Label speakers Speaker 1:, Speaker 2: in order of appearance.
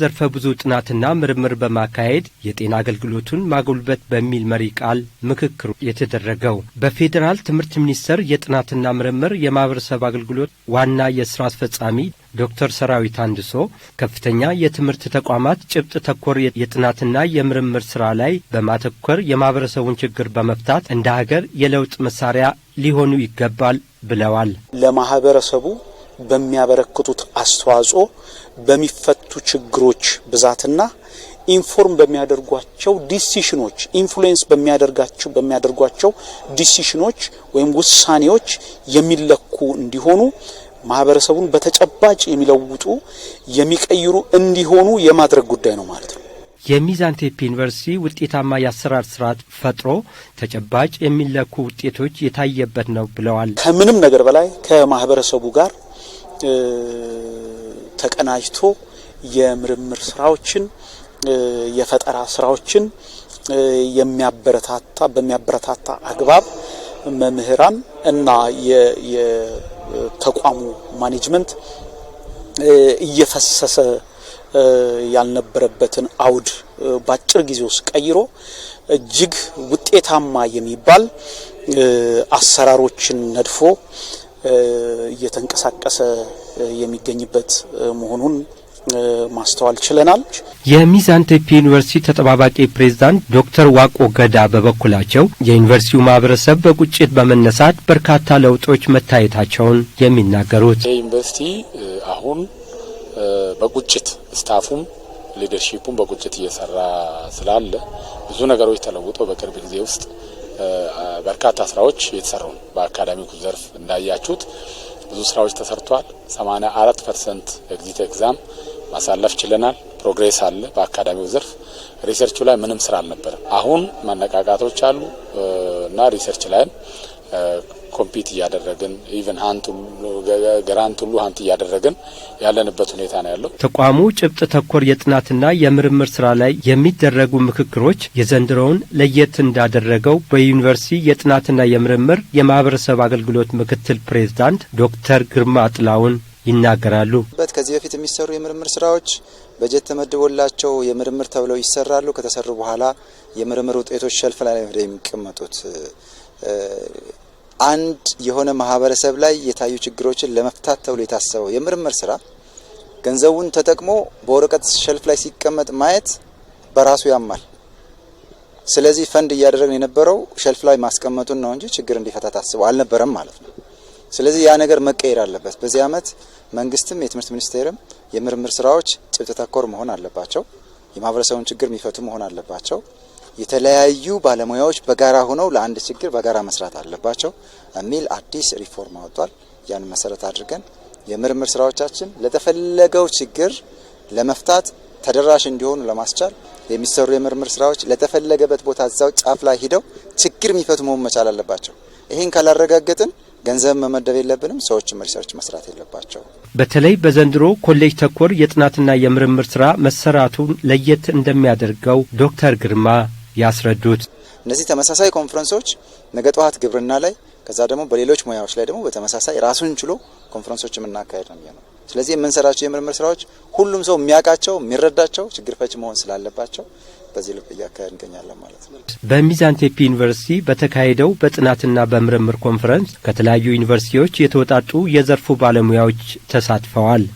Speaker 1: ዘርፈ ብዙ ጥናትና ምርምር በማካሄድ የጤና አገልግሎቱን ማጎልበት በሚል መሪ ቃል ምክክሩ የተደረገው በፌዴራል ትምህርት ሚኒስቴር የጥናትና ምርምር የማህበረሰብ አገልግሎት ዋና የስራ አስፈጻሚ ዶክተር ሰራዊት አንድሶ ከፍተኛ የትምህርት ተቋማት ጭብጥ ተኮር የጥናትና የምርምር ስራ ላይ በማተኮር የማህበረሰቡን ችግር በመፍታት እንደ ሀገር የለውጥ መሳሪያ ሊሆኑ ይገባል ብለዋል።
Speaker 2: ለማህበረሰቡ በሚያበረክቱት አስተዋጽኦ፣ በሚፈቱ ችግሮች ብዛትና ኢንፎርም በሚያደርጓቸው ዲሲሽኖች ኢንፍሉዌንስ በሚያደርጋቸው በሚያደርጓቸው ዲሲሽኖች ወይም ውሳኔዎች የሚለኩ እንዲሆኑ ማህበረሰቡን በተጨባጭ የሚለውጡ የሚቀይሩ እንዲሆኑ የማድረግ ጉዳይ ነው ማለት ነው።
Speaker 1: የሚዛን ቴፒ ዩኒቨርሲቲ ውጤታማ የአሰራር ስርዓት ፈጥሮ ተጨባጭ የሚለኩ ውጤቶች የታየበት ነው ብለዋል።
Speaker 2: ከምንም ነገር በላይ ከማህበረሰቡ ጋር ተቀናጅቶ የምርምር ስራዎችን የፈጠራ ስራዎችን የሚያበረታታ በሚያበረታታ አግባብ መምህራን እና የተቋሙ ማኔጅመንት እየፈሰሰ ያልነበረበትን አውድ በአጭር ጊዜ ውስጥ ቀይሮ እጅግ ውጤታማ የሚባል አሰራሮችን ነድፎ እየተንቀሳቀሰ የሚገኝበት መሆኑን ማስተዋል ችለናል።
Speaker 1: የሚዛን ቴፒ ዩኒቨርሲቲ ተጠባባቂ ፕሬዝዳንት ዶክተር ዋቆ ገዳ በበኩላቸው የዩኒቨርሲቲው ማህበረሰብ በቁጭት በመነሳት በርካታ ለውጦች መታየታቸውን የሚናገሩት
Speaker 3: የዩኒቨርሲቲ አሁን በቁጭት ስታፉም ሊደርሺፑም በቁጭት እየሰራ ስላለ ብዙ ነገሮች ተለውጦ በቅርብ ጊዜ ውስጥ በርካታ ስራዎች የተሰሩ ነው። በአካዳሚኩ ዘርፍ እንዳያችሁት ብዙ ስራዎች ተሰርተዋል። 84 ፐርሰንት ኤግዚት ኤግዛም ማሳለፍ ችለናል። ፕሮግሬስ አለ። በአካዳሚው ዘርፍ ሪሰርቹ ላይ ምንም ስራ አልነበረም። አሁን ማነቃቃቶች አሉ እና ሪሰርች ላይም ኮምፒት እያደረግን ኢቨን ሀንት ገራንት ሁሉ ሀንት እያደረግን ያለንበት ሁኔታ ነው ያለው።
Speaker 1: ተቋሙ ጭብጥ ተኮር የጥናትና የምርምር ስራ ላይ የሚደረጉ ምክክሮች የዘንድሮውን ለየት እንዳደረገው በዩኒቨርሲቲ የጥናትና የምርምር የማህበረሰብ አገልግሎት ምክትል ፕሬዝዳንት ዶክተር ግርማ ጥላውን ይናገራሉ።
Speaker 4: ከዚህ በፊት የሚሰሩ የምርምር ስራዎች በጀት ተመድቦላቸው የምርምር ተብለው ይሰራሉ። ከተሰሩ በኋላ የምርምር ውጤቶች ሸልፍ ላይ የሚቀመጡት። አንድ የሆነ ማህበረሰብ ላይ የታዩ ችግሮችን ለመፍታት ተብሎ የታሰበው የምርምር ስራ ገንዘቡን ተጠቅሞ በወረቀት ሸልፍ ላይ ሲቀመጥ ማየት በራሱ ያማል። ስለዚህ ፈንድ እያደረግን የነበረው ሸልፍ ላይ ማስቀመጡን ነው እንጂ ችግር እንዲፈታ ታስቦ አልነበረም ማለት ነው። ስለዚህ ያ ነገር መቀየር አለበት። በዚህ አመት መንግስትም የትምህርት ሚኒስቴርም የምርምር ስራዎች ጭብጥ ተኮር መሆን አለባቸው። የማህበረሰቡን ችግር የሚፈቱ መሆን አለባቸው። የተለያዩ ባለሙያዎች በጋራ ሆነው ለአንድ ችግር በጋራ መስራት አለባቸው የሚል አዲስ ሪፎርም አወጧል። ያን መሰረት አድርገን የምርምር ስራዎቻችን ለተፈለገው ችግር ለመፍታት ተደራሽ እንዲሆኑ ለማስቻል የሚሰሩ የምርምር ስራዎች ለተፈለገበት ቦታ እዛው ጫፍ ላይ ሂደው ችግር የሚፈቱ መሆን መቻል አለባቸው። ይህን ካላረጋገጥን ገንዘብ መመደብ የለብንም። ሰዎችም ሪሰርች መስራት የለባቸው።
Speaker 1: በተለይ በዘንድሮ ኮሌጅ ተኮር የጥናትና የምርምር ስራ መሰራቱን ለየት እንደሚያደርገው ዶክተር ግርማ ያስረዱት።
Speaker 4: እነዚህ ተመሳሳይ ኮንፈረንሶች ነገ ጠዋት ግብርና ላይ ከዛ ደግሞ በሌሎች ሙያዎች ላይ ደግሞ በተመሳሳይ ራሱን ችሎ ኮንፈረንሶች የምናካሄድ ነው ነው። ስለዚህ የምንሰራቸው የምርምር ስራዎች ሁሉም ሰው የሚያውቃቸው የሚረዳቸው፣ ችግር ፈች መሆን ስላለባቸው በዚህ ልብ እያካሄድ እንገኛለን ማለት
Speaker 1: ነው። በሚዛን ቴፒ ዩኒቨርሲቲ በተካሄደው በጥናትና በምርምር ኮንፈረንስ ከተለያዩ ዩኒቨርሲቲዎች የተወጣጡ የዘርፉ ባለሙያዎች ተሳትፈዋል።